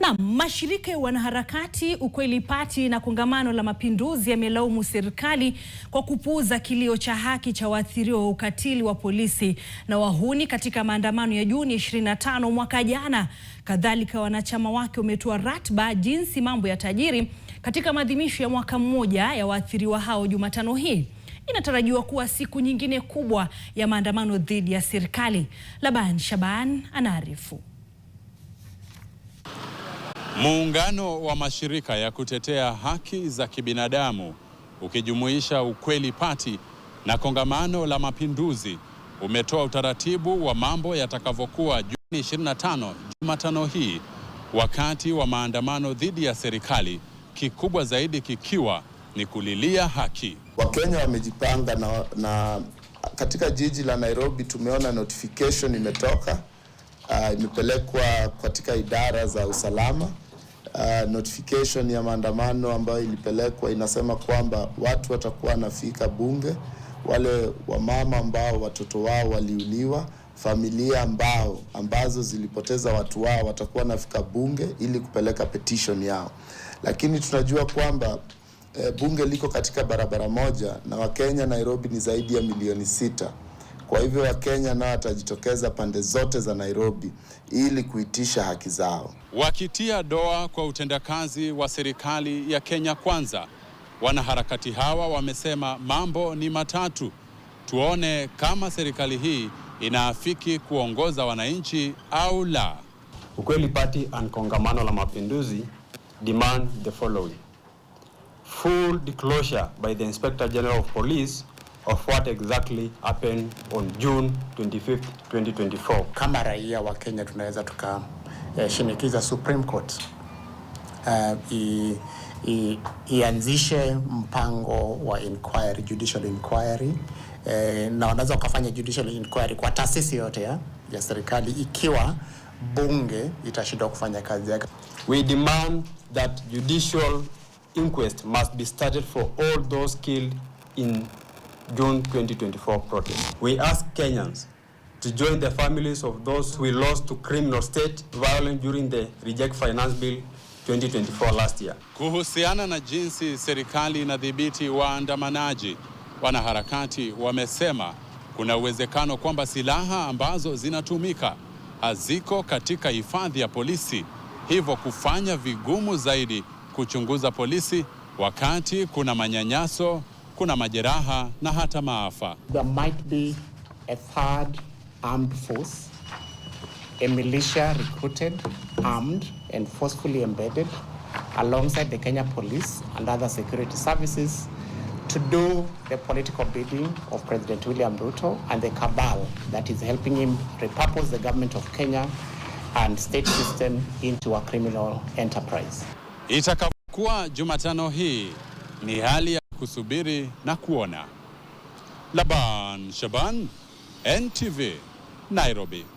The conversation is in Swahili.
Na mashirika ya wanaharakati, Ukweli Party na Kongamano la Mapinduzi yamelaumu serikali kwa kupuuza kilio cha haki cha waathiriwa wa ukatili wa polisi na wahuni katika maandamano ya Juni 25 mwaka jana. Kadhalika, wanachama wake wametoa ratiba jinsi mambo ya tajiri katika maadhimisho ya mwaka mmoja ya waathiriwa hao Jumatano hii. Inatarajiwa kuwa siku nyingine kubwa ya maandamano dhidi ya serikali. Laban Shaban anaarifu. Muungano wa mashirika ya kutetea haki za kibinadamu ukijumuisha Ukweli Party na Kongamano la Mapinduzi umetoa utaratibu wa mambo yatakavyokuwa Juni 25 Jumatano hii wakati wa maandamano dhidi ya serikali, kikubwa zaidi kikiwa ni kulilia haki. Wakenya wamejipanga na, na katika jiji la Nairobi tumeona notification imetoka, uh, imepelekwa katika idara za usalama uh, notification ya maandamano ambayo ilipelekwa inasema kwamba watu watakuwa wanafika bunge, wale wamama ambao watoto wao waliuliwa, familia ambao ambazo zilipoteza watu wao watakuwa wanafika bunge ili kupeleka petition yao, lakini tunajua kwamba e, bunge liko katika barabara moja na Wakenya Nairobi ni zaidi ya milioni sita. Kwa hivyo Wakenya nao watajitokeza pande zote za Nairobi ili kuitisha haki zao. Wakitia doa kwa utendakazi wa serikali ya Kenya Kwanza, wanaharakati hawa wamesema mambo ni matatu. Tuone kama serikali hii inaafiki kuongoza wananchi au la. Ukweli Party and Kongamano la Mapinduzi demand the following. Full disclosure by the Inspector General of Police of what exactly happened on June 25, 2024. Kama raia wa Kenya tunaweza tukashinikiza eh, Supreme Court uh, i, i, ianzishe mpango wa inquiry, judicial inquiry eh, na wanaweza wakafanya judicial inquiry kwa taasisi yote ya, ya serikali ikiwa bunge itashindwa kufanya kazi yake. We demand that judicial inquest must be started for all those killed in June 2024 protest. We ask Kenyans to join the families of those we lost to criminal state violence during the Reject Finance Bill 2024 last year. Kuhusiana na jinsi serikali inadhibiti waandamanaji, wanaharakati wamesema kuna uwezekano kwamba silaha ambazo zinatumika haziko katika hifadhi ya polisi, hivyo kufanya vigumu zaidi kuchunguza polisi wakati kuna manyanyaso kuna majeraha na hata maafa. There might be a third armed force, a militia recruited, armed and forcefully embedded alongside the Kenya police and other security services to do the political bidding of President William Ruto and the cabal that is helping him repurpose the government of Kenya and state system into a criminal enterprise. Itakapokuwa Jumatano hii ni hali kusubiri na kuona. Laban Shaban, NTV, Nairobi.